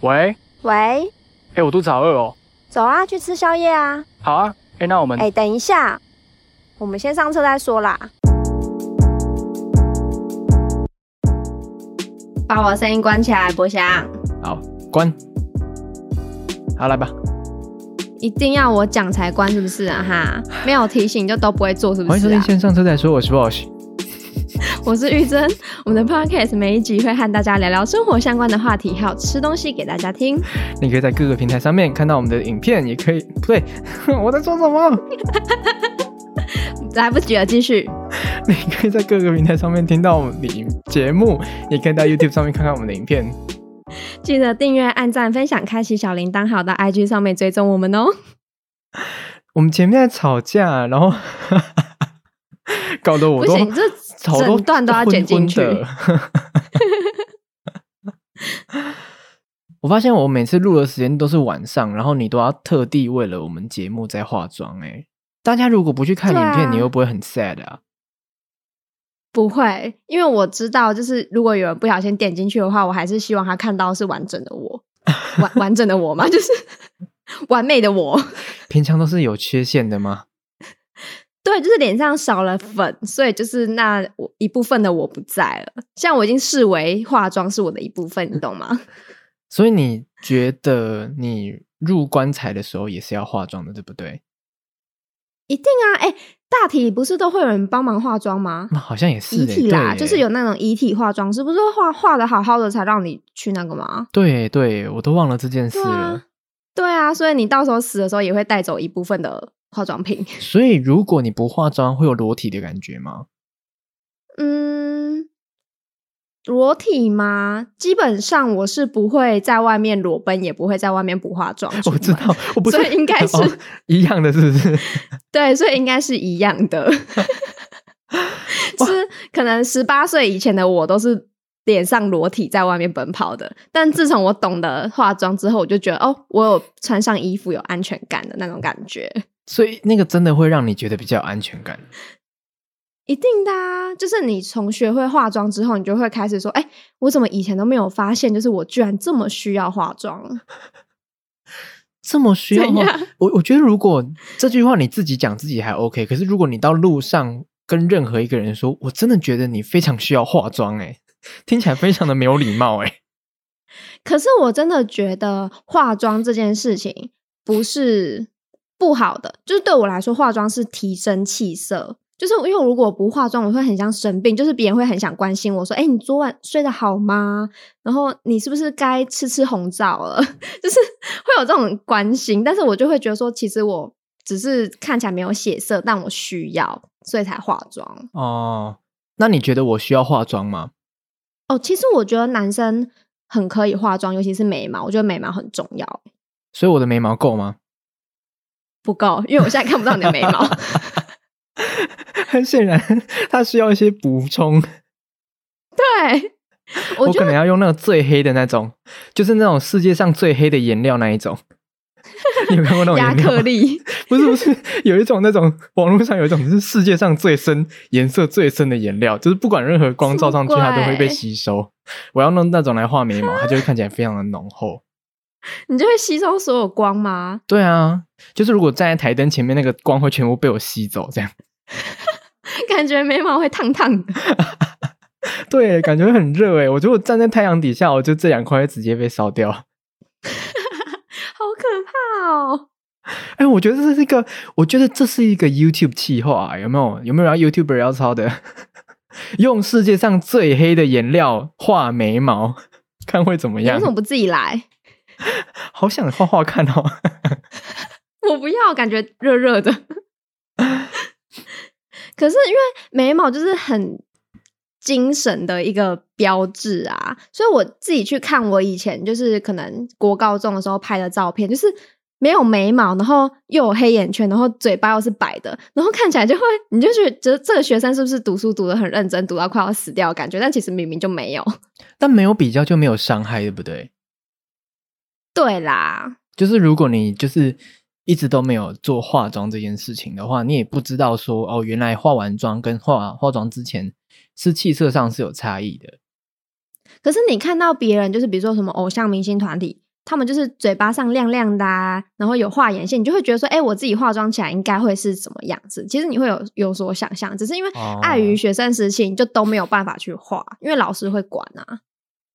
喂喂，哎喂、欸，我肚子好餓哦，走啊，去吃宵夜啊！好啊，哎、欸，那我們哎、欸，等一下，我們先上車再說啦。把我的聲音關起來，Bosh。好，關。好，來吧。一定要我講才關，是不是啊？哈，沒有提醒就都不會做，是不是、啊？歡迎收聽，先上車再說。我是 Bosh 我是毓貞，我們的 podcast 每一集會和大家聊聊生活相關的話題，還有吃東西給大家聽。你可以在各個平台上面看到我們的影片，也可以不對， 我在說什麼？ 來不及了，繼續。你可以在各個平台上面聽到我們的節目，也 可以到 YouTube 上面看看我們的影片。 記得訂閱、按讚、分享、開啟小鈴鐺，好，到 IG 上面追蹤我們哦。 我們前面在吵架，然後 搞得我都不行。這頭混混整段都要剪進去。 我發現我每次錄的時間都是晚上，然後你都要特地為了我們節目在化妝。哎，大家如果不去看影片，啊、你又不會很 sad 啊？不會，因為我知道，就是如果有人不小心點進去的話，我還是希望他看到是完整的我，完 完整的我嘛，就是完美的我。平常都是有缺陷的嗎？對，就是臉上少了粉，所以就是那一部分的我不在了。像我已經視為化妝是我的一部分，你懂嗎？ 所以你覺得你入棺材的時候也是要化妝的，對不對？一定啊！哎、欸，大體不是都會有人幫忙化妝嗎？那好像也是，欸，遺體啦，欸、就是有那種遺體化妝師，是不是化化得，好好的才讓你去那個嗎？對、欸，對、欸，我都忘了這件事了對、啊。對啊，所以你到時候死的時候也會帶走一部分的化妝品，所以如果你不化妝，會有裸體的感覺嗎？嗯，裸體嗎？基本上我是不會在外面裸奔，也不會在外面不化妝。我知道，我不是，所以應該是、哦、一樣的，是不是？對，所以應該是一樣的。 是，可能十八歲以前的我都是臉上裸體在外面奔跑的，但自從我懂得化妝之後，我就覺得哦，我有穿上衣服有安全感的那種感覺。所以那個真的會讓你覺得比較有安全感，一定的啊。就是你從學會化妝之後，你就會開始說：“哎，我怎麼以前都沒有發現，就是我居然這麼需要化妝，這麼需要嗎？”我我覺得如果這句話你自己講自己還 OK，可是如果你到路上跟任何一個人說：“我真的覺得你非常需要化妝。”哎，聽起來非常的沒有禮貌哎。可是我真的覺得化妝這件事情不是。 不好的就是對我來說，化妝是提升氣色，就是因為我如果不化妝，我會很像生病，就是別人會很想關心我說：“哎、欸，你昨晚睡得好嗎？然後你是不是該吃吃紅棗了？” 就是會有這種關心，但是我就會覺得說，其實我只是看起來沒有血色，但我需要，所以才化妝哦。那你覺得我需要化妝嗎？哦，其實我覺得男生很可以化妝，尤其是眉毛，我覺得眉毛很重要。所以我的眉毛夠嗎？不夠，因為我現在看不到你的眉毛。很顯 然，它需要一些補充。對，我，我可能要用那種最黑的那種，就是那種世界上最黑的顏料那一種。你有沒有看過那種？壓克力，不是不是，有一種那種網絡上有一種是世界上最深顏 色最深的顏料，就是不管任何光照上去，怪它都會被吸收。我要用那種來畫眉毛，它就會看起來非常的濃厚。 你就會吸收所有光嗎？對啊，就是如果站在檯燈前面，那個光會全部被我吸走，這樣 感覺眉毛會燙燙的。 對，感覺很熱哎！我覺得我站在太陽底下，我就這兩塊會直接被燒掉， 好可怕哦、喔！哎、欸，我覺得這是一個，我覺得這是一個 YouTube 企劃、啊，有沒有？有沒有人 YouTube 要抄的？ 用世界上最黑的顏料畫眉毛， 看會怎麼樣？你為什麼不自己來？ 好想畫畫看哦 ！我不要，感覺熱熱的。 可是因為眉毛就是很精神的一個標誌啊，所以我自己去看我以前就是可能國高中的時候拍的照片，就是沒有眉毛，然後又有黑眼圈，然後嘴巴又是白的，然後看起來就會，你就覺得這個學生是不是讀書讀得很認真，讀到快要死掉的感覺？但其實明明就沒有。但沒有比較就沒有傷害，對不對？對啦，就是如果你就是一直都沒有做化妝這件事情的話，你也不知道說哦，原來化完妝跟化化妝之前是氣色上是有差異的。可是你看到別人，就是比如說什麼偶像明星團體，他們就是嘴巴上亮亮的、啊，然後有畫眼線，你就會覺得說，哎、欸，我自己化妝起來應該會是什麼樣子？其實你會有有所想象，只是因為礙於學生時期，你就都沒有辦法去畫，哦、因為老師會管啊。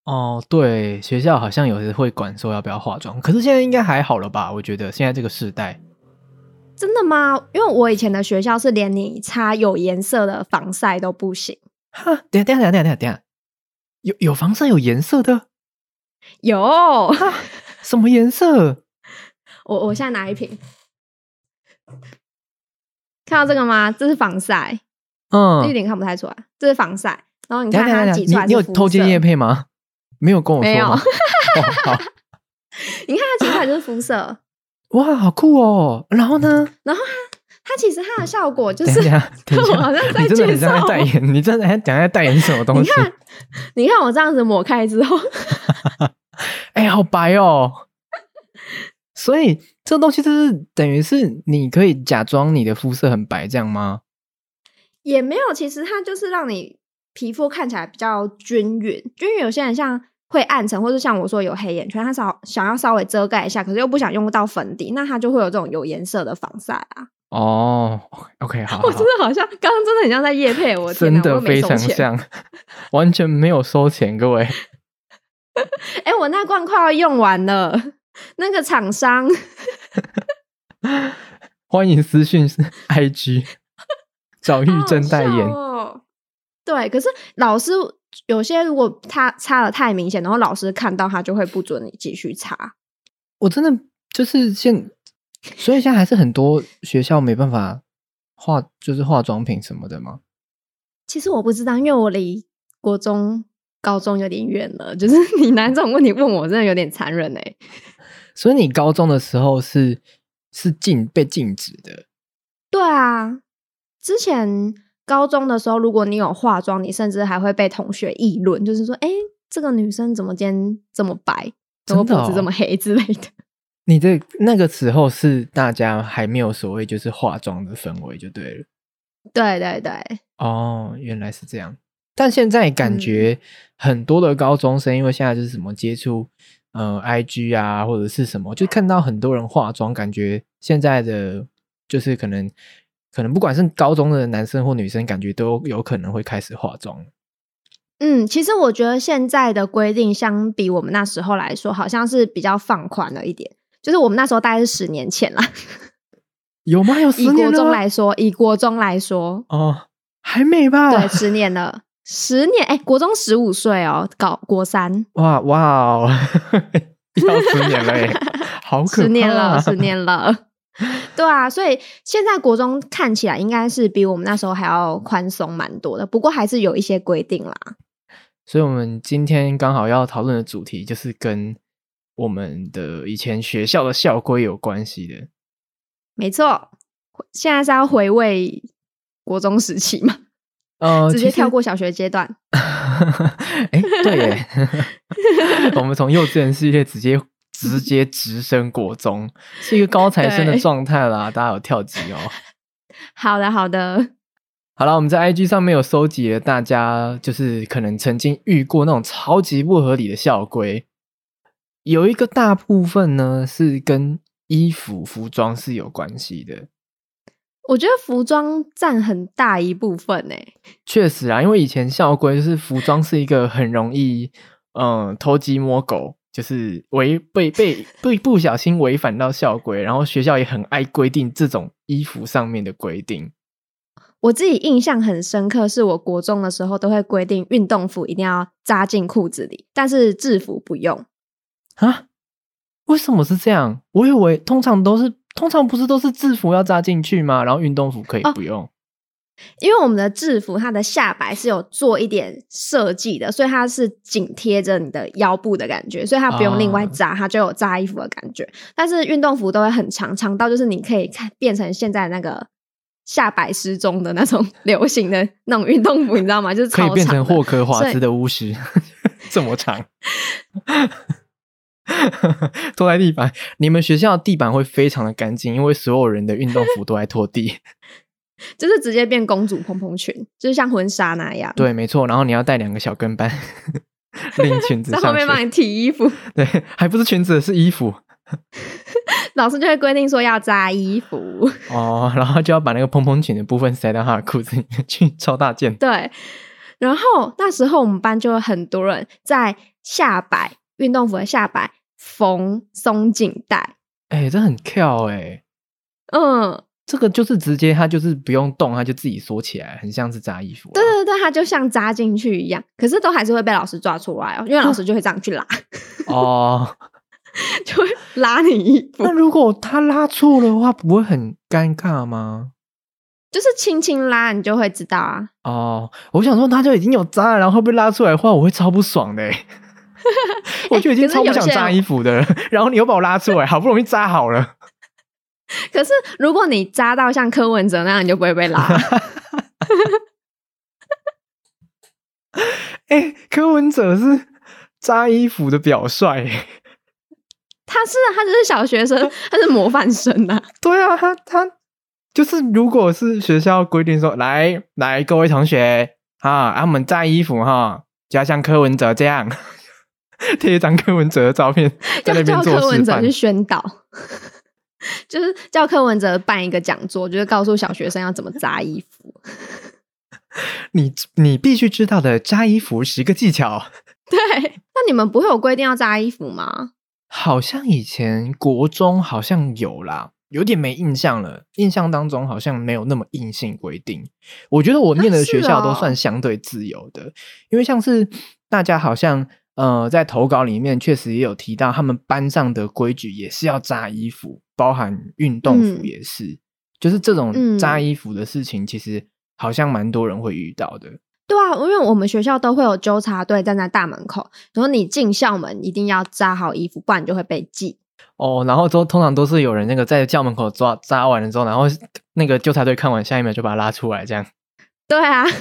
哦，對，學校好像有時會管說，要不要化妝，可是現在應該還好了吧？我覺得現在這個時代，真的嗎？因為我以前的學校是連你擦有顏色的防曬都不行。哈，等下等下等下等下等下，有有防曬有顏色的，有哈什麼顏色？ 我我現在拿一瓶，看到這個嗎？這是防曬，嗯，這一點看不太出來。這是防曬，然後你看它擠出來，你有偷接業配嗎？沒有跟我說。沒有 你看他其實還就是膚色。哇，好酷哦，喔！然後呢？然後他，它其實他的效果就是，我好像在介紹代言。你真的在在代言什麼東西？ 你看，你看我這樣子抹開之後，哎、 欸，好白哦，喔！ 所以這東西就是等於是你可以假裝你的膚色很白，這樣嗎？也沒有，其實它就是讓你皮膚看起來比較均勻。均勻，有些人像。會暗沉或是像我說有黑眼圈，他想想要稍微遮蓋一下，可是又不想用到粉底，那他就會有這種有顏色的防曬啊。哦、oh，OK，好，好，好。我真的好像剛剛真的很像在業配，我真的我非常像，完全沒有收錢，各位。哎、 欸，我那罐快要用完了，那個廠商 歡迎私訊 IG 找毓貞代言、啊哦。對，可是老師。有些如果它擦的太明顯，然後老師看到他就會不准你繼續擦。我真的就是現，所以現在還是很多學校沒辦法化，就是化妝品什麼的嗎？其實我不知道，因為我離國中、高中有點遠了。就是你拿這種問題問我，真的有點殘忍哎、欸。所以你高中的時候是是禁被禁止的？對啊，之前。高中的時候，如果你有化妝，你甚至還會被同學議論，就是說，哎、欸，這個女生怎麼今天這麼白，怎麼脖子這麼黑之類的。的哦、你的那個時候是大家還沒有所謂就是化妝的氛圍，就對了。對對對。哦，原來是這樣。但現在感覺很多的高中生，嗯、因為現在就是什麼接觸，嗯、呃、，IG 啊，或者是什麼，就看到很多人化妝，感覺現在的就是可能。可能不管是高中的男生或女生，感覺都有可能會開始化妝。嗯，其實我覺得現在的規定相比我們那時候來說，好像是比較放寬了一點。就是我們那時候大概是十年前了，有嗎？有十年嗎？以國中來說，以國中來說，哦，還美吧還沒吧？對，十年了，十年哎、欸，國中十五歲哦，搞國三。哇哇、哦，要十年了耶，好可怕！十年了，十年了。 對啊，所以現在國中看起來應該是比我們那時候還要寬鬆蠻多的，不過還是有一些規定啦。所以，我們今天剛好要討論的主題就是跟我們的以前學校的校規有關係的。沒錯，現在是要回味國中時期嘛？嗯、直接跳過小學階段。哎，其實， 對耶，我們從幼稚園世界直接，直接直升國中，是一個高材生的狀態啦。對大家有跳級哦、喔。好的，好的。好了，我們在 IG 上面有收集了大家，就是可能曾經遇過那種超級不合理的校規。有一個大部分呢是跟衣服、服裝是有關係的。我覺得服裝佔很大一部分誒、欸。確實啊，因為以前校規就是服裝是一個很容易嗯偷雞摸狗。就是違被被被不小心違反到校規， 然後學校也很愛規定這種衣服上面的規定。我自己印象很深刻，是我國中的時候都會規定運動服一定要扎進褲子裡，但是制服不用。啊？為什麼是這樣？我以為通常都是，通常不是都是制服要扎進去嗎？然後運動服可以不用。哦。因為我們的制服，它的下擺是有做一點設計的，所以它是緊貼着你的腰部的感覺，所以它不用另外扎，啊、它就有扎衣服的感覺。但是運動服都會很長，長到就是你可以看變成現在那個下擺失蹤的那種流行的那種運動服，你知道嗎？就是長可以變成霍格華茲的巫師以這麼長， 拖在地板。你們學校的地板會非常的乾淨，因為所有人的運動服都在拖地。 就是直接變公主蓬蓬裙，就是像婚紗那樣。對，沒錯。然後你要帶兩個小跟班，拎 裙子在 後面幫你提衣服。對，還不是裙子，是衣服。 老師就會規定說要扎衣服。哦，然後就要把那個蓬蓬裙的部分塞到他的褲子裡面去，超大件。對。然後那時候我們班就有很多人在下擺運動服的下擺縫鬆緊帶。哎，這很俏哎、欸。嗯。這個就是直接，他就是不用動，他就自己縮起來，很像是扎衣服、啊。對對對，他就像扎進去一樣，可是都還是會被老師抓出來哦、喔，因為老師就會這樣去拉哦，啊、 就會拉你衣服。那如果他拉錯的話，不會很尷尬嗎？就是輕輕拉，你就會知道啊。哦、啊，我想說，他就已經有扎，然後被拉出來的話，我會超不爽的、欸。 欸、我就已經超不想扎衣服的，然後你又把我拉出來，好不容易扎好了。可是，如果你扎到像柯文哲那樣，你就不會被拉、 欸。柯文哲是扎衣服的表率。他是，他只是小學生，他是模範生吶、啊。 對啊，他他就是，如果是學校規定說，來來，各位同學啊，讓我們扎衣服哈，就要像柯文哲這樣貼一張柯文哲的照片，在那邊做示範。要叫柯文哲去宣導。就是叫柯文哲辦一個講座，就是告訴小學生要怎麼扎衣服。 你你必須知道的扎衣服十個技巧。對，那你們不會有規定要扎衣服嗎？好像以前國中好像有啦，有點沒印象了。印象當中好像沒有那麼硬性規定。我覺得我念的學校都算相對自由的，啊哦、因為像是大家好像。呃，在投稿裡面確實也有提到，他們班上的規矩也是要扎衣服，包含運動服也是，嗯、就是這種扎衣服的事情，其實好像蠻多人會遇到的。對啊，因為我們學校都會有糾察隊站在大門口，然後你進校門一定要扎好衣服，不然就會被記。哦，然後都通常都是有人那個在校門口抓，扎完了之後，然後那個糾察隊看完下一秒就把他拉出來，這樣。對啊。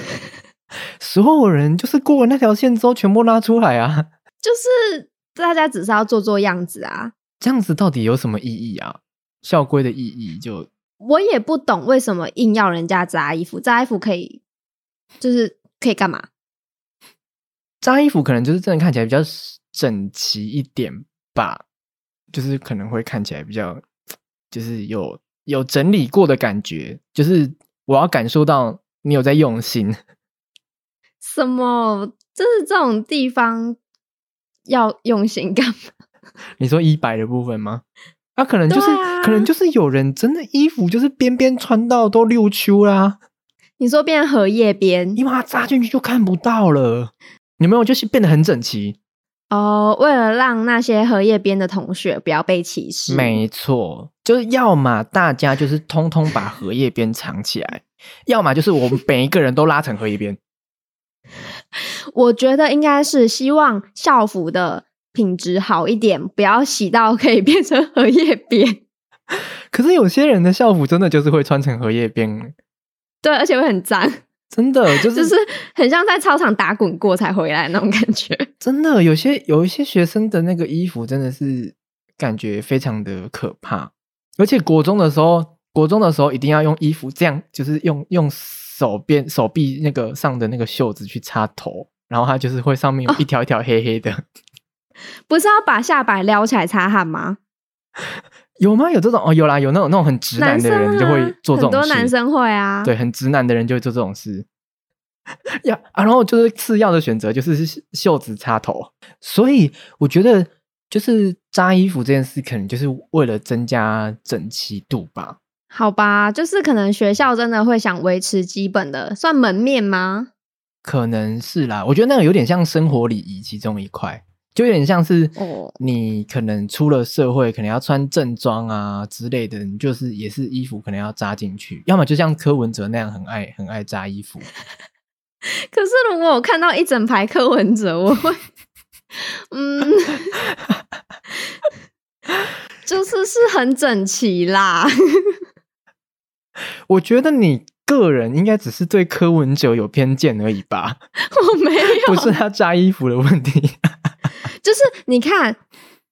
所有人就是過了那條線之後，全部拉出來啊！就是大家只是要做做樣子啊！這樣子到底有什麼意義啊？校規的意義就我也不懂，為什麼硬要人家扎衣服？扎衣服可以，就是可以幹嘛？扎衣服可能就是真的看起來比較整齊一點吧，就是可能會看起來比較，就是有有整理過的感覺。就是我要感受到你有在用心。什麼？就是這種地方要用心幹嘛？ 你說衣擺的部分嗎？那、啊、可能就是，啊、可能就是有人真的衣服就是邊邊穿到都溜秋啦、啊。你說變荷葉邊，因為它扎進去就看不到了。有沒有？就是變得很整齊哦，為了讓那些荷葉邊的同學不要被歧視，沒錯，就是要嘛大家就是通通把荷葉邊藏起來， 要麼就是我們每一個人都拉成荷葉邊。我覺得應該是希望校服的品質好一點，不要洗到可以變成荷葉邊。可是有些人的校服真的就是會穿成荷葉邊，對，而且會很髒，真的、就是、就是很像在操場打滾過才回來那種感覺。真的，有些有一些學生的那個衣服真的是感覺非常的可怕。而且國中的時候，國中的時候一定要用衣服這樣，就是用用。手邊手臂那個上的那個袖子去擦頭，然後它就是會上面有一條一條黑黑的，哦。不是要把下擺撩起來擦汗嗎？有嗎？有這種哦？有啦，有那種那種很直男的人就會做這種事，很多男生會啊，對，很直男的人就會做這種事。呀、yeah, 啊、然後就是次要的選擇就是袖子擦頭。所以我覺得就是扎衣服這件事，可能就是為了增加整齊度吧。好吧，就是可能學校真的會想維持基本的，算門面嗎？可能是啦，我覺得那個有點像生活禮儀其中一塊，就有點像是哦，你可能出了社會，可能要穿正裝啊之類的，你就是也是衣服可能要扎進去，要麼就像柯文哲那樣很愛很愛扎衣服。 可是如果我看到一整排柯文哲，我會， 嗯， 就是是很整齊啦。 我覺得你個人應該只是對柯文哲有偏見而已吧，我沒有， 不是他扎衣服的問題，就是你看，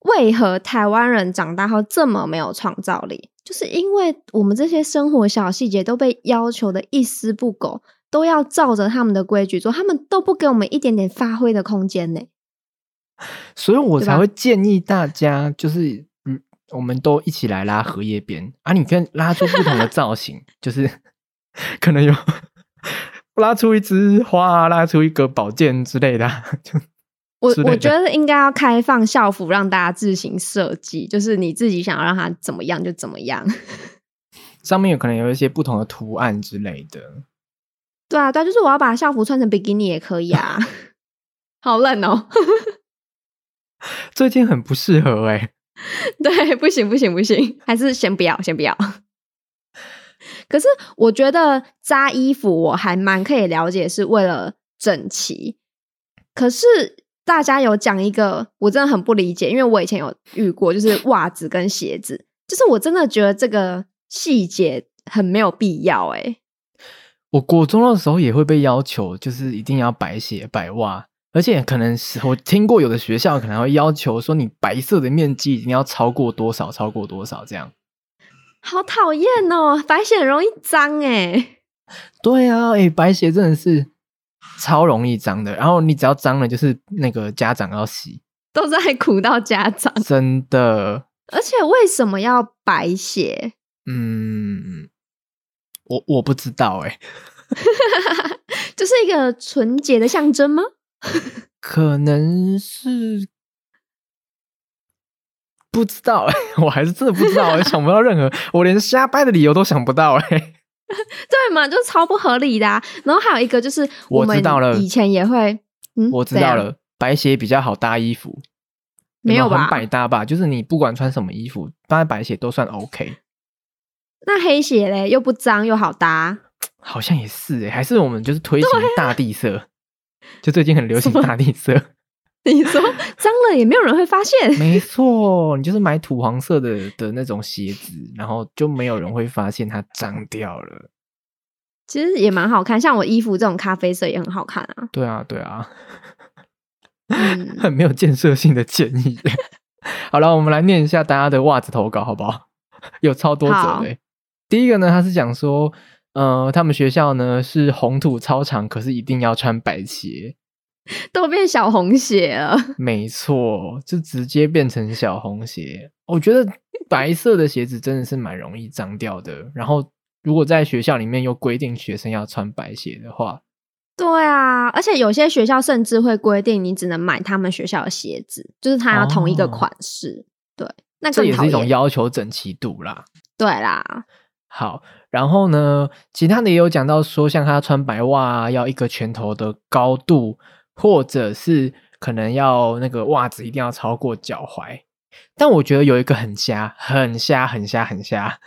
為何台灣人長大後這麼沒有創造力？就是因為我們這些生活小細節都被要求的一絲不苟，都要照着他們的規矩做，他們都不給我們一點點發揮的空間呢。所以我才會建議大家，就是。我們都一起來拉荷葉邊啊！你可以拉出不同的造型， 就是可能有拉出一枝花，拉出一個寶劍之、啊、之類的。我我覺得應該要開放校服，讓大家自行設計，就是你自己想要讓它怎麼樣就怎麼樣。上面有可能有一些不同的圖案之類的。對啊，但、啊、就是我要把校服穿成比基尼也可以啊！ 好冷哦， 最近很不適合哎、欸。 對，不行不行不行，還是先不要，先不要。 可是我覺得扎衣服我還蠻可以了解，是為了整齊。可是大家有講一個，我真的很不理解，因為我以前有遇過，就是襪子跟鞋子，就是我真的覺得這個細節很沒有必要、欸。哎，我國中的時候也會被要求，就是一定要白鞋白襪。而且可能是我聽過有的學校可能會要求說你白色的面積一定要超過多少，超過多少這樣。好討厭哦，白鞋很容易髒哎。對啊，哎、欸，白鞋真的是超容易髒的。然後你只要髒了，就是那個家長要洗，都在苦到家長。真的。而且為什麼要白鞋？嗯，我我不知道哎。就 是一個純潔的象徵嗎？ 可能是不知道、欸，我還是真的不知道、欸，我 想不到任何，我連瞎掰的理由都想不到哎、欸。 對嘛，就超不合理的、啊。然後還有一個就是，我知道了，以前也會，我知道了，白鞋比較好搭衣服，沒有吧？有沒有很百搭吧？就是你不管穿什麼衣服，搭白鞋都算 OK。那黑鞋嘞，又不髒又好搭，好像也是哎、欸，還是我們就是推行大地色。就最近很流行大地色，你說髒了也沒有人會發現， 沒錯。你就是買土黃色的的那種鞋子，然後就沒有人會發現它髒掉了。其實也蠻好看，像我衣服這種咖啡色也很好看啊。對啊,對啊，對啊，很沒有建設性的建議。 好了，我們來念一下大家的襪子投稿，好不好？有超多種類、欸。好第一個呢，他是講說。呃，他們學校呢是紅土操場，可是一定要穿白鞋，都變小紅鞋了。沒錯，就直接變成小紅鞋。我覺得白色的鞋子真的是蠻容易髒掉的。然後，如果在學校裡面又規定學生要穿白鞋的話，對啊，而且有些學校甚至會規定你只能買他們學校的鞋子，就是他要同一個款式。哦、對，那這也是一種要求整齊度啦。對啦。好，然後呢，其他的也有講到說，像他穿白襪啊，要一個拳頭的高度，或者是可能要那個襪子一定要超過腳踝。但我覺得有一個很瞎，很瞎，很瞎，很瞎。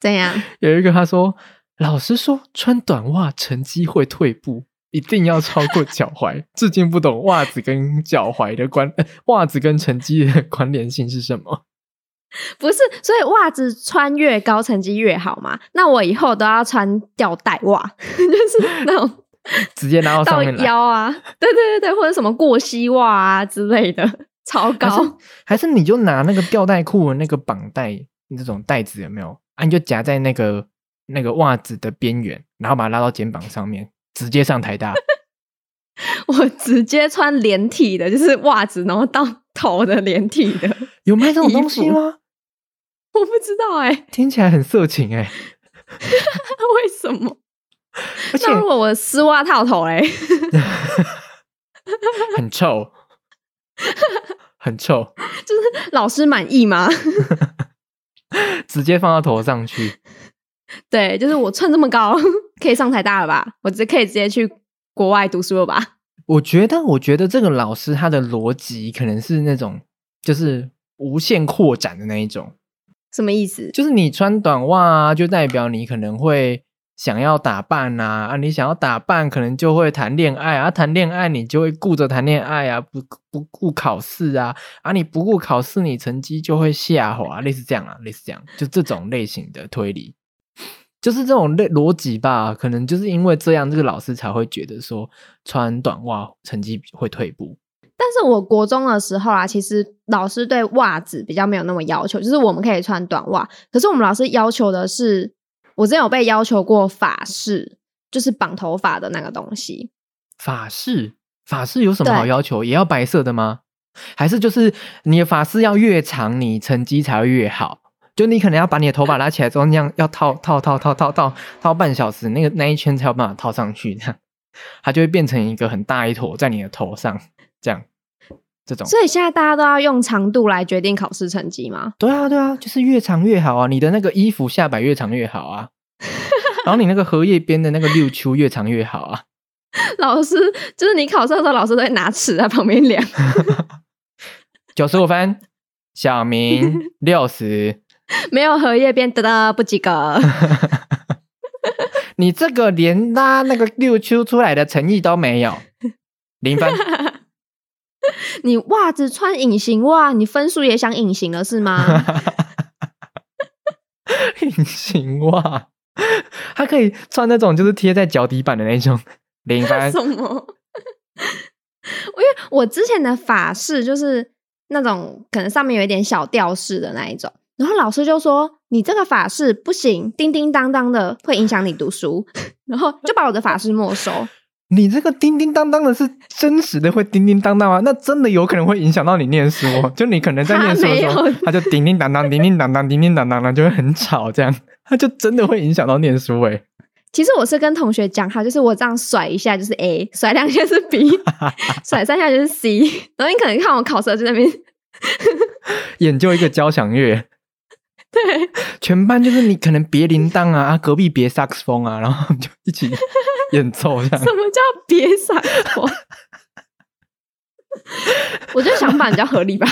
怎樣？有一個他說，老師說穿短襪成績會退步，一定要超過腳踝。 至今不懂襪子跟腳踝的關，襪子跟成績的關聯性是什麼？不是，所以襪子穿越高，成績越好嘛？那我以後都要穿吊帶襪，就是那種直接拉到上面到腰啊，對對對對，或者什麼過膝襪啊之類的，超高。還是，還是你就拿那個吊帶褲的那個綁帶，那種帶子有沒有啊？你就夾在那個那個襪子的邊緣，然後把它拉到肩膀上面，直接上台大。 我直接穿連體的，就是襪子，然後到頭的連體的，有賣這種東西嗎？我不知道哎、欸，聽起來很色情哎、欸， 為什麼？ 且那如果我絲襪套頭哎， 很臭，很臭，就是老師滿意嗎？ 直接放到頭上去，對，就是我穿這麼高，可以上台大了吧？我直接可以直接去國外讀書了吧？我覺得，我覺得這個老師他的邏輯可能是那種，就是無限擴展的那一種。什麼意思？就是你穿短襪啊，就代表你可能會想要打扮啊，啊！你想要打扮，可能就會談戀愛啊！啊，談戀愛你就會顧着談戀愛啊，不不顧考試啊！啊，你不顧考試，你成績就會下滑啊，類似這樣啊，類似這樣，就這種類型的推理， 就是這種類邏輯吧？可能就是因為這樣，這個老師才會覺得說穿短襪成績會退步。但是我國中的時候啊，其實老師對襪子比較沒有那麼要求，就是我們可以穿短襪。可是我們老師要求的是，我真有被要求過髮飾，就是綁頭髮的那個東西。髮飾？髮飾有什麼好要求？對也要白色的嗎？還是就是你的髮飾要越長，你成績才會越好？就你可能要把你的頭髮拉起來之後，那樣要套套套套套套套半小時，那個那一圈才有辦法套上去，這樣它就會變成一個很大一坨在你的頭上。這樣，這種，所以現在大家都要用長度來決定考試成績嗎？對啊，對啊，就是越長越好啊！你的那個衣服下擺越長越好啊， 然後你那個荷葉邊的那個六丘越長越好啊。老師，就是你考試的時候，老師都會拿尺在旁邊量。九十五分，小明六十， 沒有荷葉邊的，不及格。 你這個連拉那個六丘出來的誠意都沒有，零分。你襪子穿隱形襪，你分數也想隱形了是嗎？隱 形襪襪，它 可以穿那種就是貼在腳底板的那種連。你幹什麼？因為我之前的髮飾就是那種可能上面有一點小吊飾的那一種，然後老師就說，你這個髮飾不行，叮叮噹噹的會影響你讀書， 然後就把我的髮飾沒收。你這個叮叮當當的是真實的會叮叮當當嗎？那真的有可能會影響到你念書哦，就你可能在念書的時候，他就叮叮當當、叮叮當當、叮叮當當，那就會很吵，這樣，他就真的會影響到念書。哎，其實我是跟同學講，哈，就是我這樣甩一下就是 A，甩兩下是 B，甩三下就是 C。然後你可能看我考試在那邊研究一個交響樂。對，全班就是你可能別鈴鐺啊，啊隔壁別薩克斯風啊，然後就一起演奏這樣。 什麼叫別薩克斯？我覺得想法比較合理吧。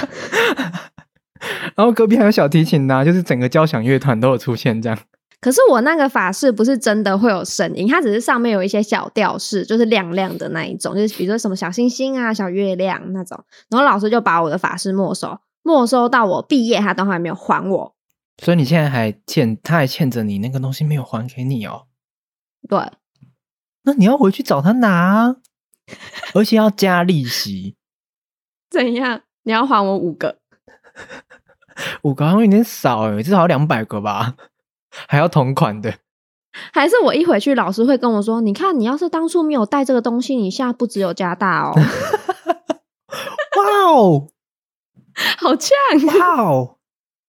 然後隔壁還有小提琴啊，就是整個交響樂團都有出現這樣。可是我那個法式不是真的會有聲音，它只是上面有一些小吊飾，就是亮亮的那一種，就是比如說什麼小星星啊、小月亮那種。然後老師就把我的法式沒收，沒收到我畢業他都還沒有還我。所以你現在還欠，他還欠着你那個東西沒有還給你哦、喔。對，那你要回去找他拿， 而且要加利息。怎樣？你要還我五個？ 五個好像有點少欸，至少兩百個吧，還要同款的。還是我一回去，老師會跟我說：“你看，你要是當初沒有帶這個東西，你現在不只有加大哦。”哇哦，好嗆！哇哦。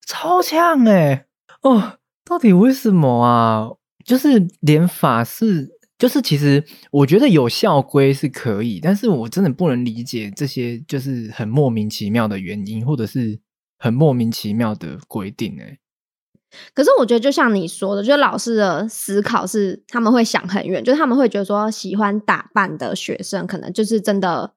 超強誒、欸，哦！到底為什麼啊？就是連法是，就是其實我覺得有校規，是可以，但是我真的不能理解這些就是很莫名其妙的原因，或者是很莫名其妙的規定誒、欸。可是我覺得就像你說的，就老師的思考是他們會想很遠，就是他們會覺得說喜歡打扮的學生，可能就是真的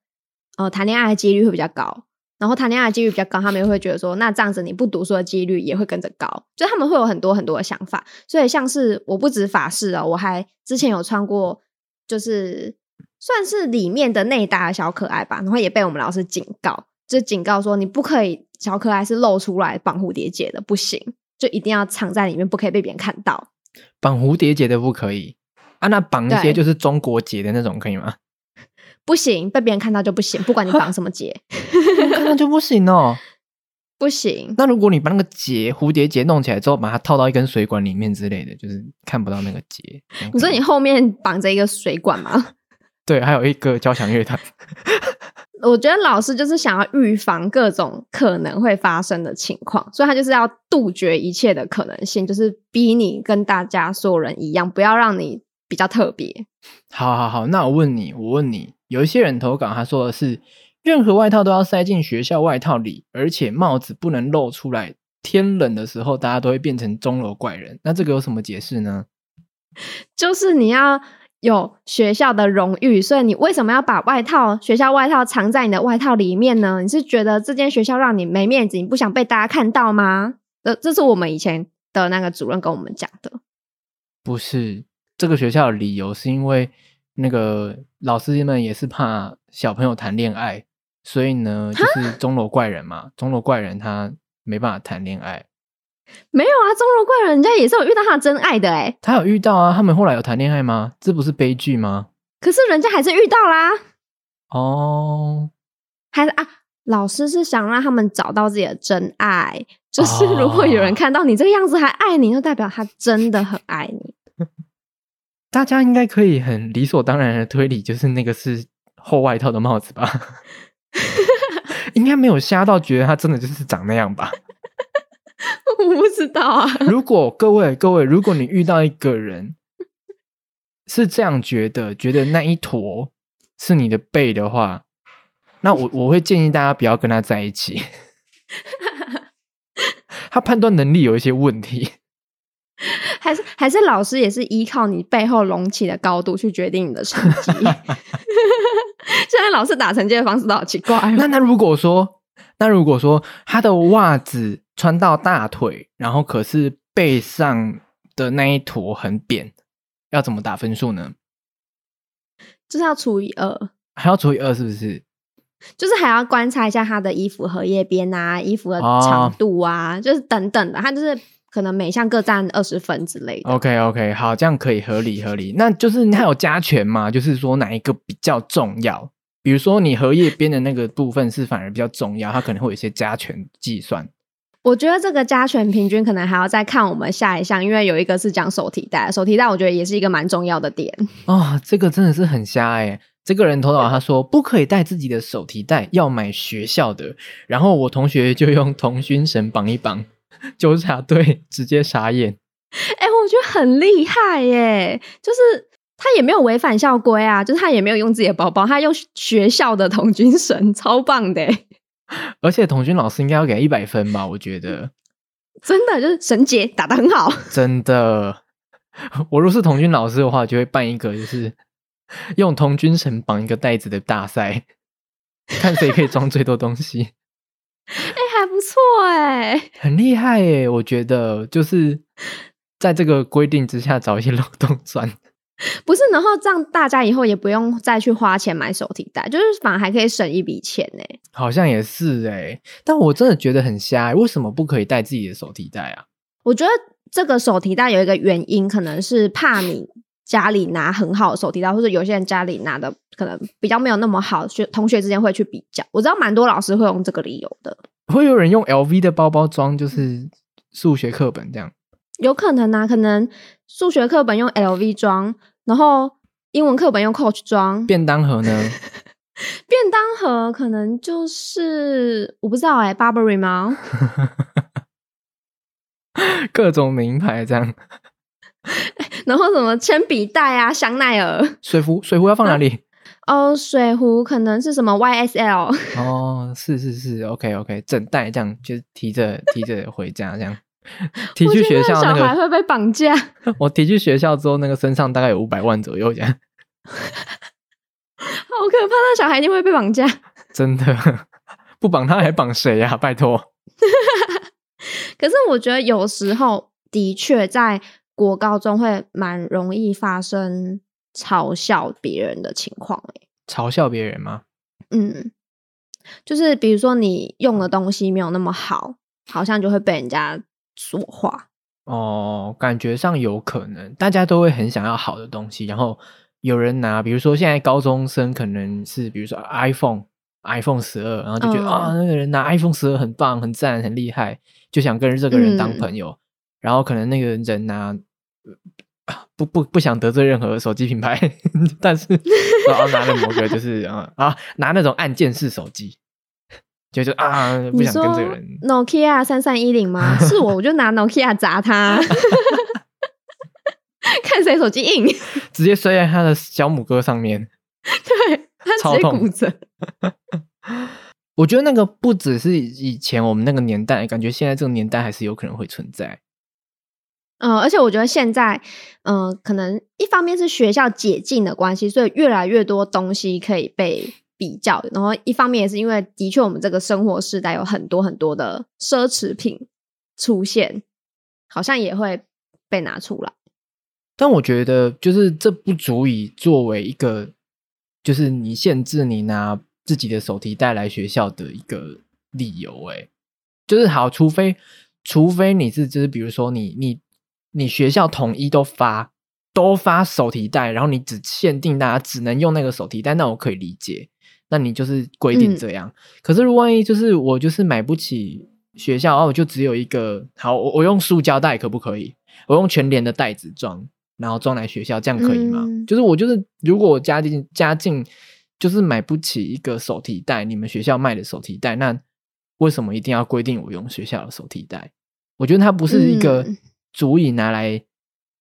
呃談戀愛的幾率會比較高。然後談戀愛的幾率比較高，他們又會覺得說，那這樣子你不讀書的幾率也會跟着高，就他們會有很多很多的想法。所以像是我不止法式哦，我還之前有穿過，就是算是裡面的內搭小可愛吧，然後也被我們老師警告，就警告說你不可以，小可愛是露出來綁蝴蝶結的不行，就一定要藏在裡面，不可以被別人看到，綁蝴蝶結的，不可以啊？那綁一些就是中國結的那種可以嗎？不行，被別人看到就不行。不管你綁什麼結， 看到就不行哦、喔。 不行。那如果你把那個結蝴蝶結弄起來之後，把它套到一根水管裡面之類的，就是看不到那個結。 你說你後面綁着一個水管嗎？ 對，還有一個交響樂團。我覺得老師就是想要預防各種可能會發生的情況，所以他就是要杜絕一切的可能性，就是逼你跟大家所有人一樣，不要讓你。比較特別，好好好，那我問你，我問你，有一些人投稿，他說的是，任何外套都要塞進學校外套裡，而且帽子不能露出來，天冷的時候，大家都會變成鐘樓怪人。那這個有什麼解釋呢？就是你要有學校的榮譽，所以你為什麼要把外套、學校外套藏在你的外套裡面呢？你是覺得這間學校讓你沒面子，你不想被大家看到嗎？呃，這是我們以前的那個主任跟我們講的，不是。這個學校的理由是因為那個老師們也是怕小朋友談戀愛，所以呢，就是鐘樓怪人嘛。蛤？鐘樓怪人他沒辦法談戀愛，沒有啊，鐘樓怪人人家也是有遇到他的真愛的誒，他有遇到啊。他們後來有談戀愛嗎？這不是悲劇嗎？可是人家還是遇到啦。哦，還是啊，老師是想讓他們找到自己的真愛，就是如果有人看到你這個樣子還愛你，就代表他真的很愛你。哦。大家應該可以很理所當然的推理，就是那個是厚外套的帽子吧？ 應該沒有瞎到覺得他真的就是長那樣吧？我不知道啊。如果各位各位，如果你遇到一個人是這樣覺得，覺得那一坨是你的背的話，那我我會建議大家不要跟他在一起。 他判斷能力有一些問題。 還是還是老師也是依靠你背後隆起的高度去決定你的成績。 現在老師打成績的方式都好奇怪、哎。那那如果說，那如果說他的襪子穿到大腿，然後可是背上的那一坨很扁，要怎麼打分數呢？就是要除以二，還要除以二，是不是？就是還要觀察一下他的衣服荷葉邊啊，衣服的長度啊，哦、就是等等的，他就是。可能每項各占二十分之類的。OK OK，好，這樣可以合理合理。那就是他有加權嗎？就是說哪一個比較重要？比如說你荷葉邊的那個部分是反而比較重要，它可能會有一些加權計算。我覺得這個加權平均可能還要再看我們下一項，因為有一個是講手提袋，手提袋我覺得也是一個蠻重要的點哦，這個真的是很瞎哎、欸！這個人投稿，他說對不可以帶自己的手提袋，要買學校的。然後我同學就用童軍繩綁一綁。糾察隊直接傻眼，哎、欸，我覺得很厲害耶！就是他也沒有違反校規啊，就是他也沒有用自己的包包，他用學校的童軍繩，超棒的。而且童軍老師應該要給他一百分吧？我覺得真的就是繩結打得很好，真的。我若是童軍老師的話，就會辦一個，就是用童軍繩綁一個袋子的大賽， 看誰可以裝最多東西。欸不錯哎、欸，很厲害哎、欸！我覺得就是在這個規定之下找一些漏洞鑽，不是？然後這樣大家以後也不用再去花錢買手提袋，就是反而還可以省一筆錢呢、欸。好像也是哎、欸，但我真的覺得很瞎、欸，為什麼不可以帶自己的手提袋啊？我覺得這個手提袋有一個原因，可能是怕你家裡拿很好的手提袋，或者有些人家裡拿的可能比較沒有那麼好，學同學之間會去比較。我知道蠻多老師會用這個理由的。會有人用 LV 的包包裝，就是數學課本這樣，有可能啊，可能數學課本用 LV 裝，然後英文課本用 Coach 裝。便當盒呢？ 便當盒可能就是我不知道哎、欸、Burberry 嗎？ 各種名牌這樣，然後什麼鉛筆袋啊，香奈兒水壺，水壺要放哪裡？嗯哦，水壺可能是什麼 YSL 哦，是是是，OK OK，整袋這樣就提着提着回家這樣，提去學校，那個，小孩會被綁架。我提去學校之後，那個身上大概有五百萬左右這樣，好可怕！那小孩一定會被綁架，真的不綁他還綁誰呀？拜託。 可是我覺得有時候的確在國高中會蠻容易發生。嘲笑別人的情況，欸，嘲笑別人嗎？嗯，就是比如說你用的東西沒有那麼好，好像就會被人家說話。哦，感覺上有可能，大家都會很想要好的東西，然後有人拿，比如說現在高中生可能是比如說 iPhone，iPhone 十二，然後就覺得啊，嗯哦，那個人拿 iPhone 十二很棒、很讚、很厲害，就想跟這個人當朋友，嗯，然後可能那個人拿。不不不想得罪任何手機品牌，但是然後拿那某個就是啊啊 拿那種按鍵式手機，就就啊不想跟這個人。Nokia 三三一零嗎？ 是我，我就拿 Nokia、ok、砸他， 看誰手機硬，直接摔在他的小拇哥上面，對他直接骨折。超痛 我覺得那個不只是以前我們那個年代，感覺現在這個年代還是有可能會存在。嗯、呃，而且我覺得現在，嗯、呃，可能一方面是學校解禁的關係，所以越來越多東西可以被比較。然後一方面也是因為，的確，我們這個生活世代有很多很多的奢侈品出現，好像也會被拿出來。但我覺得，就是這不足以作為一個，就是你限制你拿自己的手提袋來學校的一個理由、欸。哎，就是好，除非除非你是，就是比如說你你。你學校統一都發，都發手提袋，然後你只限定大家只能用那個手提袋，那我可以理解。那你就是規定這樣。嗯、可是，如萬一就是我就是買不起學校，然、啊、我就只有一個，好，我用塑膠袋可不可以？我用全聯的袋子裝，然後裝來學校，這樣可以嗎？嗯、就是我就是如果我家境家境就是買不起一個手提袋，你們學校賣的手提袋，那為什麼一定要規定我用學校的手提袋？我覺得它不是一個。足以拿來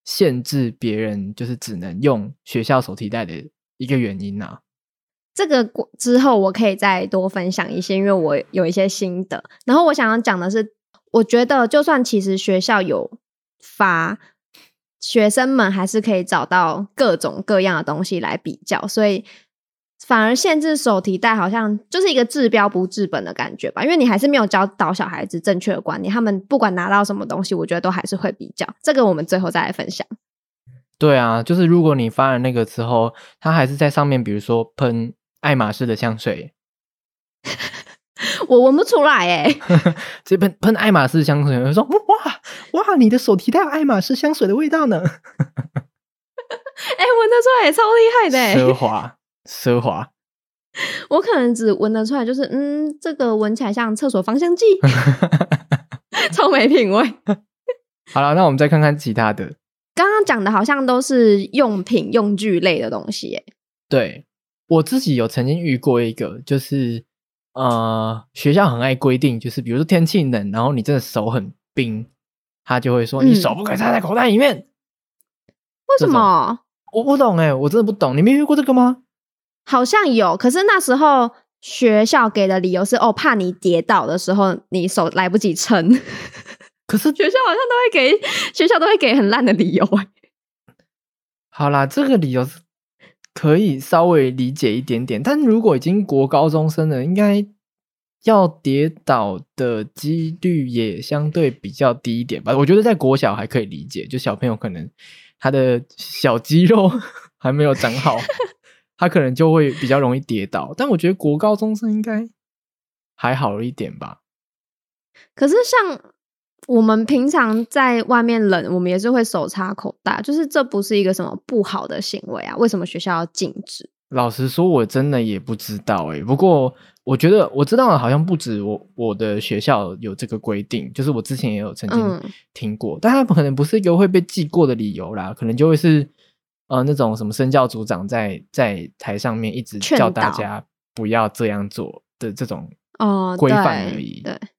限制別人，就是只能用學校手提袋的一個原因呢。啊，這個之後我可以再多分享一些，因為我有一些心得。然後我想要講的是，我覺得就算其實學校有發，學生們還是可以找到各種各樣的東西來比較。所以。反而限制手提袋，好像就是一個治標不治本的感覺吧，因為你還是沒有教導小孩子正確的觀念。他們不管拿到什麼東西，我覺得都還是會比較。這個我們最後再來分享。對啊，就是如果你發了那個之後，他還是在上面，比如說噴愛馬仕的香水， 我聞不出來哎、欸。這噴噴愛馬仕香水，我、就是、說哇哇，你的手提袋有愛馬仕香水的味道呢。哎、 欸，聞得出來，也超厲害的、欸，奢華。奢華，我可能只聞得出來，就是嗯，這個聞起來像廁所芳香劑， 超沒品味。 好了，那我們再看看其他的。剛剛講的好像都是用品用具類的東西耶，哎。對，我自己有曾經遇過一個，就是呃，學校很愛規定，就是比如說天氣冷，然後你真的手很冰，他就會說、嗯、你手不可以插在口袋裡面。為什麼？我不懂哎、欸，我真的不懂，你沒遇過這個嗎？好像有，可是那時候學校給的理由是哦，怕你跌倒的時候你手來不及撐。可是學校好像都會給，學校都會給很爛的理由哎。好啦，這個理由可以稍微理解一點點，但如果已經國高中生了，應該要跌倒的幾率也相對比較低一點吧？我覺得在國小還可以理解，就小朋友可能他的小肌肉還沒有長好。 他可能就會比較容易跌倒，但我覺得國高中生應該還好一點吧。可是像我們平常在外面冷，我們也是會手插口袋，就是這不是一個什麼不好的行為啊？為什麼學校要禁止？老實說，我真的也不知道哎、欸。不過我覺得我知道的，好像不止我我的學校有這個規定，就是我之前也有曾經聽過，嗯、但他可能不是一個會被記過的理由啦，可能就會是。呃，那種什麼生教組長在在台上面一直叫大家不要這樣做的這種哦規範而已。哦、對，對，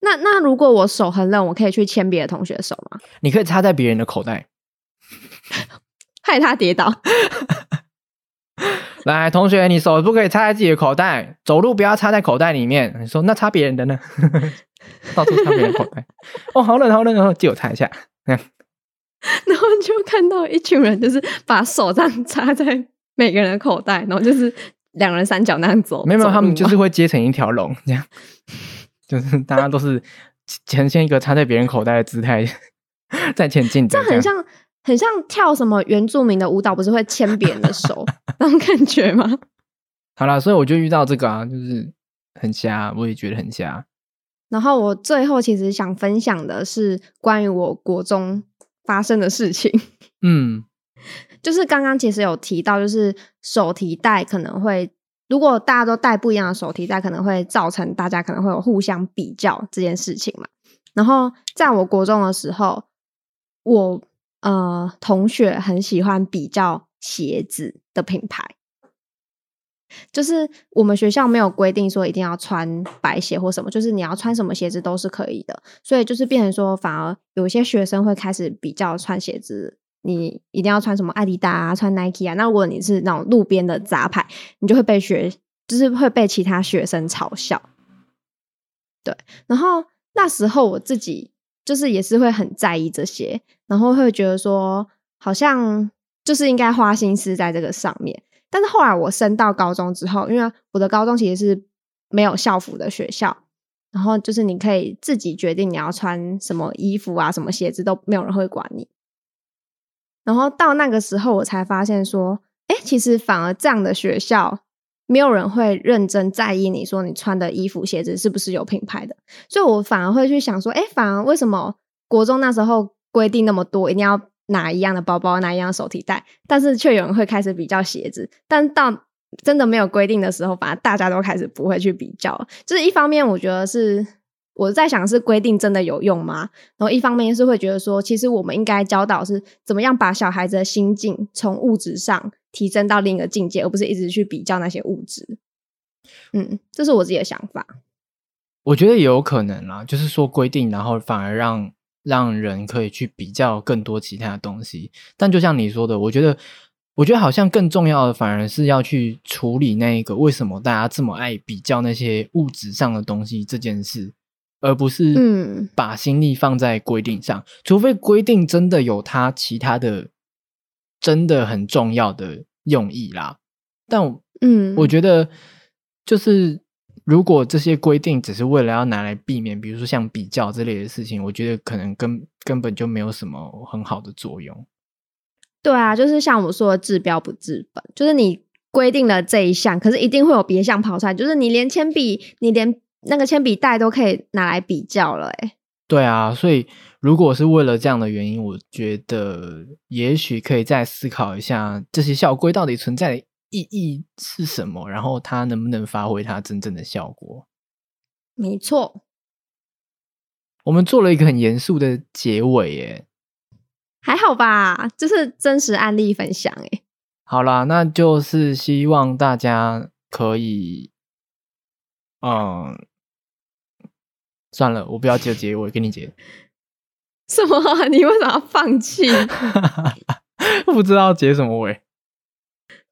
那那如果我手很冷，我可以去牽別的同學手嗎？你可以插在別人的口袋， 害他跌倒。 來，同學，你手不可以插在自己的口袋，走路不要插在口袋裡面。你說那插別人的呢？ 到處插別人口袋。 哦，好冷，好冷，哦，借我插一下。 然後就看到一群人，就是把手這樣插在每個人的口袋，然後就是兩人三腳那樣走。沒有，他們就是會接成一條龍，這樣就是大家都是呈現一個插在別人口袋的姿態在 前進的。這很像，樣很像跳什麼原住民的舞蹈，不是會牽別人的手那種 感覺嗎？好啦，所以我就遇到這個啊，就是很瞎，我也覺得很瞎。然後我最後其實想分享的是關於我國中。發生的事情，嗯，就是剛剛其實有提到，就是手提袋可能會，如果大家都帶不一樣的手提袋，可能會造成大家可能會有互相比較這件事情嘛。然後在我國中的時候，我呃同學很喜歡比較鞋子的品牌。就是我們學校沒有規定說一定要穿白鞋或什麼，就是你要穿什麼鞋子都是可以的。所以就是變成說，反而有些學生會開始比較穿鞋子，你一定要穿什麼愛迪達啊，穿 Nike 啊。那如果你是那種路邊的雜牌，你就會被學，就是會被其他學生嘲笑。對，然後那時候我自己就是也是會很在意這些，然後會覺得說，好像就是應該花心思在這個上面。但是後來我升到高中之後，因為我的高中其實是沒有校服的學校，然後就是你可以自己決定你要穿什麼衣服啊，什麼鞋子都沒有人會管你。然後到那個時候，我才發現說，哎、欸，其實反而這樣的學校沒有人會認真在意你說你穿的衣服、鞋子是不是有品牌的，所以我反而會去想說，哎、欸，反而為什麼國中那時候規定那麼多，一定要。哪一樣的包包，哪一樣的手提袋，但是卻有人會開始比較鞋子。但到真的沒有規定的時候，反而大家都開始不會去比較。就是一方面，我覺得是我在想，是規定真的有用嗎？然後一方面是會覺得說，其實我們應該教導是怎麼樣把小孩子的心境從物質上提升到另一個境界，而不是一直去比較那些物質。嗯，這是我自己的想法。我覺得也有可能啦、啊，就是說規定，然後反而讓。讓人可以去比較更多其他的東西，但就像你說的，我覺得，我覺得好像更重要的反而是要去處理那個為什麼大家這麼愛比較那些物質上的東西這件事，而不是把心力放在規定上，嗯，除非規定真的有它其他的真的很重要的用意啦。但我嗯，我覺得就是。如果這些規定只是為了要拿來避免，比如說像比較之類的事情，我覺得可能根根本就沒有什麼很好的作用。對啊，就是像我說的治標不治本，就是你規定了這一項，可是一定會有別項跑出來，就是你連鉛筆，你連那個鉛筆袋都可以拿來比較了，誒，對啊，所以如果是為了這樣的原因，我覺得也許可以再思考一下這些校規到底存在的意義是什麼？然後它能不能發揮它真正的效果？沒錯錯，我們做了一個很嚴肅的結尾耶，哎，還好吧，就是真實案例分享，哎，好啦，那就是希望大家可以，嗯，算了，我不要接結尾，我跟你結，什麼？你為什麼要放棄？ 不知道結什麼尾。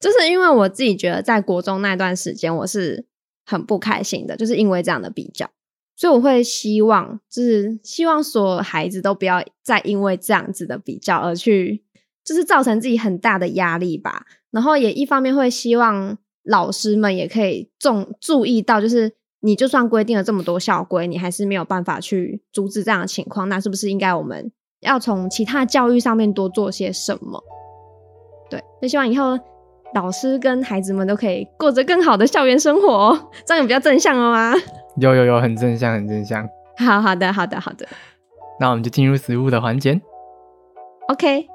就是因為我自己覺得在國中那段時間我是很不開心的，就是因為這樣的比較，所以我會希望，就是希望所有孩子都不要再因為這樣子的比較而去，就是造成自己很大的壓力吧。然後也一方面會希望老師們也可以重注意到，就是你就算規定了這麼多校規，你還是沒有辦法去阻止這樣的情況，那是不是應該我們要從其他教育上面多做些什麼？對，那希望以後。老師跟孩子們都可以過着更好的校園生活，這樣比較正向哦嗎？有有有，很正向，很正向。好好的，好的，好的。那我們就進入食物的環節。OK。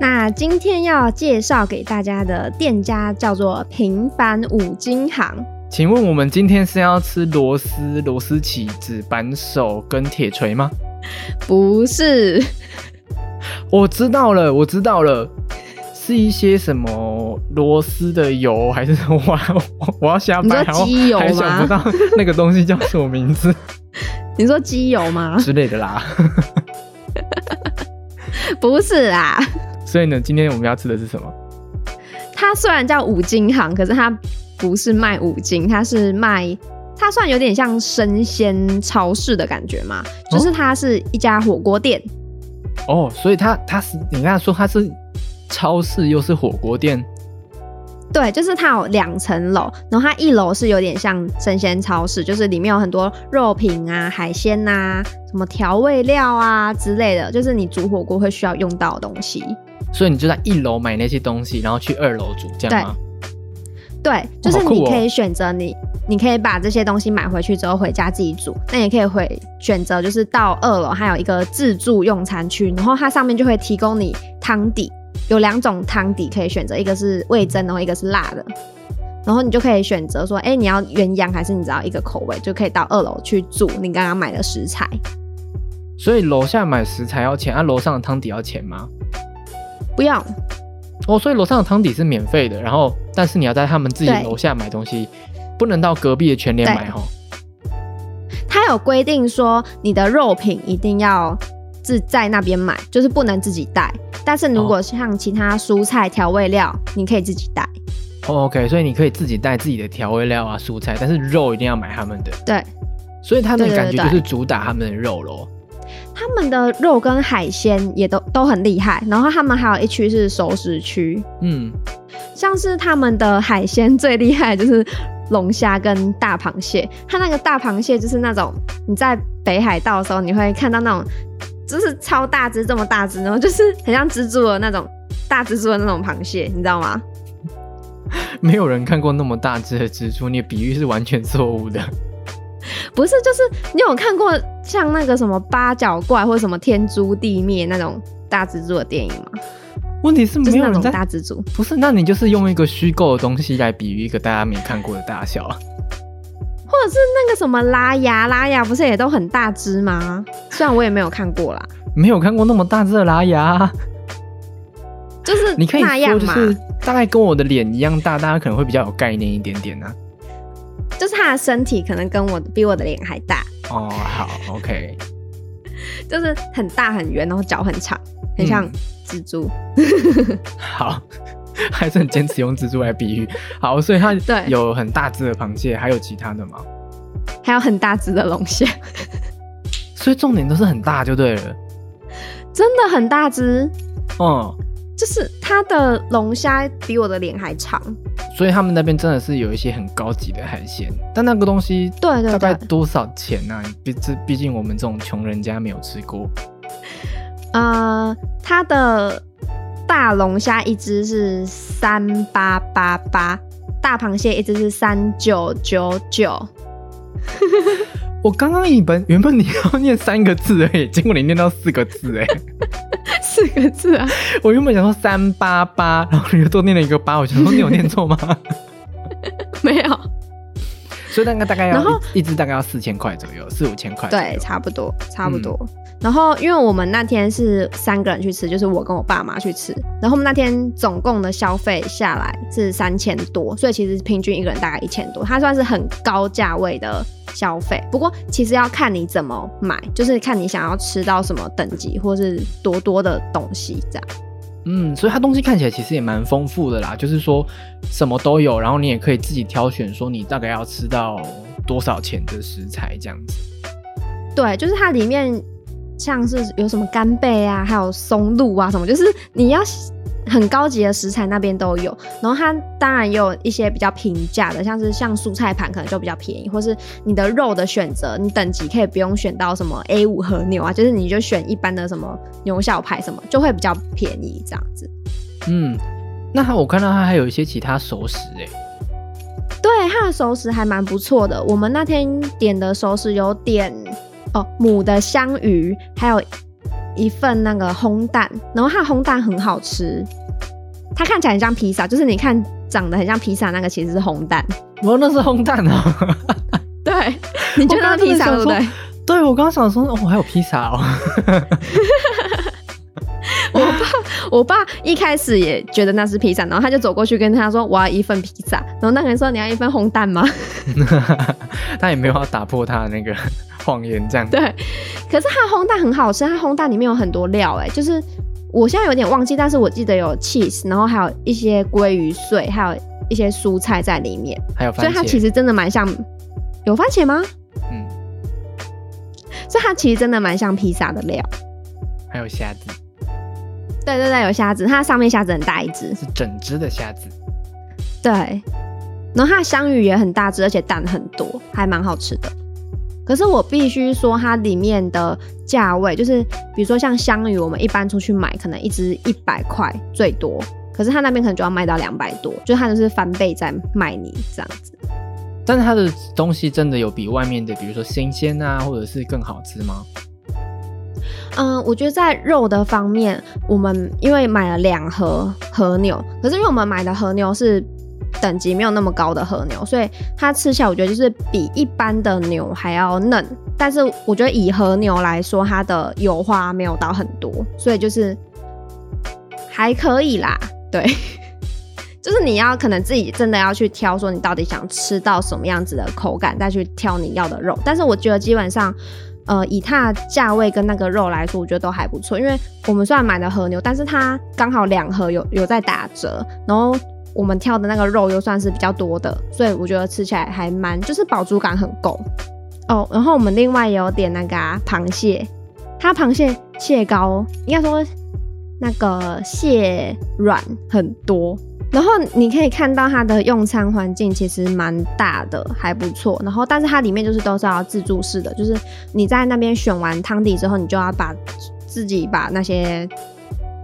那今天要介紹給大家的店家叫做平凡五金行。請問我們今天是要吃螺絲、螺絲起子、扳手跟鐵錘嗎？不是，我知道了，我知道了，是一些什麼螺絲的油還是什麼？我我，我要瞎掰，機油，還想不到那個東西叫什麼名字。 你說機油嗎？之類的啦。 不是啦。所以呢，今天我們要吃的是什麼？它雖然叫五金行，可是它不是賣五金，它是賣。它算有點像生鮮超市的感覺嗎？哦、就是它是一家火鍋店。哦，所以它它是你剛才說它是超市又是火鍋店？對，就是它有兩層樓，然後它一樓是有點像生鮮超市，就是裡面有很多肉品啊、海鮮吶、啊、什麼調味料啊之類的，就是你煮火鍋會需要用到的東西。所以你就在一樓買那些東西，然後去二樓煮，這樣嗎對？對，就是你可以選擇你。哦你可以把這些東西買回去之後回家自己煮，那也可以回選擇就是到二樓還有一個自助用餐區，然後它上面就會提供你湯底，有兩種湯底可以選擇，一個是味噌，然後一個是辣的，然後你就可以選擇說，哎、欸，你要鴛鴦還是你只要一個口味，就可以到二樓去煮你剛剛買的食材。所以樓下買食材要錢，按、啊、樓上的湯底要錢嗎？不要用。哦，所以樓上的湯底是免費的，然後但是你要在他們自己樓下買東西。不能到隔壁的全聯買哦。他有規定說，你的肉品一定要自在那邊買，就是不能自己帶。但是如果像其他蔬菜、調味料，你可以自己帶。Oh, OK，所以你可以自己帶自己的調味料啊、蔬菜，但是肉一定要買他們的。對，所以他們的感覺就是主打他們的肉嘍。他們的肉跟海鮮也都都很厲害，然後他們還有一區是熟食區。嗯，像是他們的海鮮最厲害就是。龍蝦跟大螃蟹，它那個大螃蟹就是那種你在北海道的時候你會看到那種，就是超大隻這麼大隻，然後就是很像蜘蛛的那種大蜘蛛的那種螃蟹，你知道嗎？沒有人看過那麼大隻的蜘蛛，你的比喻是完全錯誤的。不是，就是你有看過像那個什麼八腳怪或者什麼天蛛地滅那種大蜘蛛的電影嗎？問題是沒有是那麼大蜘蛛，不是？那你就是用一個虛構的東西來比喻一個大家沒看過的大小，或者是那個什麼拉牙拉牙，不是也都很大只嗎？雖然我也沒有看過啦， 沒有看過那麼大只的拉牙，就是你可以，就是大概跟我的臉一樣大，大家可能會比較有概念一點點呢、啊。就是它的身體可能跟我比我的臉還大哦。Oh, 好，OK， 就是很大很圓，然後腳很長。很像蜘蛛，嗯，好，還是很堅持用蜘蛛來比喻。 好，所以它有很大只的螃蟹，對還有其他的嗎？還有很大只的龍蝦，所以重點都是很大，就對了，嗯。真的很大只，嗯，就是它的龍蝦比我的臉還長。所以他們那邊真的是有一些很高級的海鮮，但那個東西對對大概多少錢呢，啊？畢竟我們這種窮人家沒有吃過。呃，它的大龍蝦一隻是三八八八，大螃蟹一隻是三九九九。 我剛剛原本原本你要念三個字哎，結果你念到四個字哎，欸， 四個字啊！我原本想說三八八，然後你又多念了一個八，我想說你有念錯嗎？ 沒有，所以大概大概要一隻後大概要四千塊左右，四五千塊，對，差不多，差不多。嗯然後，因為我們那天是三個人去吃，就是我跟我爸媽去吃。然後我們那天總共的消費下來是三千多，所以其實平均一個人大概一千多。它算是很高價位的消費。不過其實要看你怎麼買，就是看你想要吃到什麼等級或是多多的東西這樣。嗯，所以它東西看起來其實也蠻豐富的啦，就是說什麼都有，然後你也可以自己挑選，說你大概要吃到多少錢的食材這樣子。對，就是它裡面。像是有什麼干貝啊，還有松露啊，什麼就是你要很高級的食材，那邊都有。然後它當然也有一些比較平價的，像是像蔬菜盤可能就比較便宜，或是你的肉的選擇，你等級可以不用選到什麼 A5 和牛啊，就是你就選一般的什麼牛小排什麼，就會比較便宜這樣子。嗯，那我看到它還有一些其他熟食哎、欸，對，它的熟食還蠻不錯的。我們那天點的熟食有點。哦，母的香魚，還有一份那個烘蛋，然後它的烘蛋很好吃，它看起來很像披薩，就是你看長得很像披薩，那個其實是烘蛋，我、哦、那是烘蛋哦。 對，你覺得那披薩，對不對？對，我剛剛想說，我、哦、還有披薩哦， 我怕。 我爸一開始也覺得那是披薩，然後他就走過去跟他說：“我要一份披薩。”然後那個人說：“你要一份烘蛋嗎？” 他也沒有要打破他的那個謊言，這樣對。可是他的烘蛋很好吃，他烘蛋裡面有很多料、欸，哎，就是我現在有點忘記，但是我記得有 cheese，然後還有一些鮭魚碎，還有一些蔬菜在裡面，還有番茄，所以它其實真的蠻像。有番茄嗎？嗯，所以它其實真的蠻像披薩的料。還有蝦子。對對對，有蝦子，它上面蝦子很大一隻，是整隻的蝦子。對，然後它的香魚也很大隻，而且蛋很多，還蠻好吃的。可是我必須說，它裡面的價位就是，比如說像香魚，我們一般出去買可能一隻一百塊最多，可是它那邊可能就要賣到兩百多，就它就是翻倍在賣你這樣子。但是它的東西真的有比外面的，比如說新鮮啊，或者是更好吃嗎？嗯，我覺得在肉的方面，我們因為買了兩盒和牛，可是因為我們買的和牛是等級沒有那麼高的和牛，所以它吃起來我覺得就是比一般的牛還要嫩。但是我覺得以和牛來說，它的油花沒有到很多，所以就是還可以啦。對， 就是你要可能自己真的要去挑，說你到底想吃到什麼樣子的口感，再去挑你要的肉。但是我覺得基本上。呃，以它價位跟那個肉來說，我覺得都還不錯。因為我們雖然買了和牛，但是它剛好兩盒有有在打折，然後我們挑的那個肉又算是比較多的，所以我覺得吃起來還蠻，就是飽足感很夠哦。然後我們另外也有點那個、啊、螃蟹，它螃蟹蟹膏應該說那個蟹軟很多。然後你可以看到它的用餐環境其實蠻大的，還不錯。然後，但是它裡面就是都是要自助式的，就是你在那邊選完湯底之後，你就要把自己把那些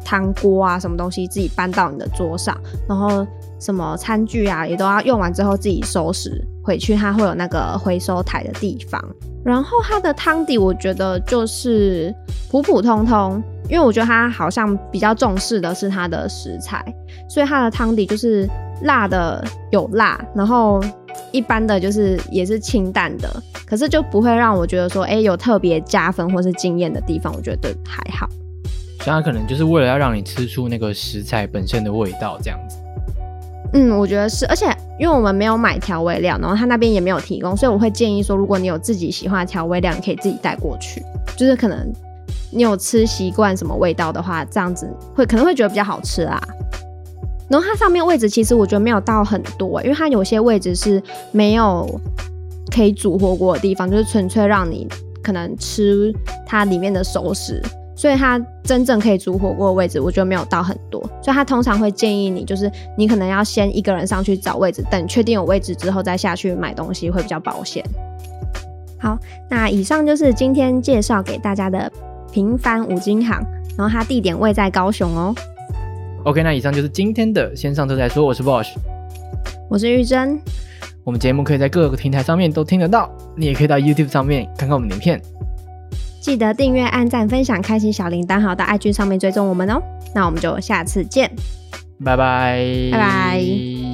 湯鍋啊什麼東西自己搬到你的桌上，然後什麼餐具啊也都要用完之後自己收拾回去。它會有那個回收台的地方。然後它的湯底我覺得就是普普通通。因為我覺得它好像比較重視的是它的食材，所以它的湯底就是辣的有辣，然後一般的就是也是清淡的，可是就不會讓我覺得說，哎、欸，有特別加分或是驚艷的地方，我覺得對還好。所以它可能就是為了要讓你吃出那個食材本身的味道這樣子。嗯，我覺得是，而且因為我們沒有買調味料，然後他那邊也沒有提供，所以我會建議說，如果你有自己喜歡的調味料，你可以自己帶過去，就是可能。你有吃習慣什麼味道的話，這樣子會可能會覺得比較好吃啊。然後它上面位置其實我覺得沒有到很多欸，因為它有些位置是沒有可以煮火鍋的地方，就是純粹讓你可能吃它裡面的熟食，所以它真正可以煮火鍋的位置，我覺得沒有到很多。所以它通常會建議你，就是你可能要先一個人上去找位置，等確定有位置之後再下去買東西會比較保險。好，那以上就是今天介紹給大家的，平凡五金行，然後它地點位在高雄哦。OK，那以上就是今天的先上車再說。我是 Bosh，我是毓貞。我們節目可以在各個平台上面都聽得到，你也可以到 YouTube 上面看看我們的影片。記得訂閱、按讚、分享、開啟小鈴鐺，好，還到 IG 上面追蹤我們哦。那我們就下次見，拜拜 bye，拜拜。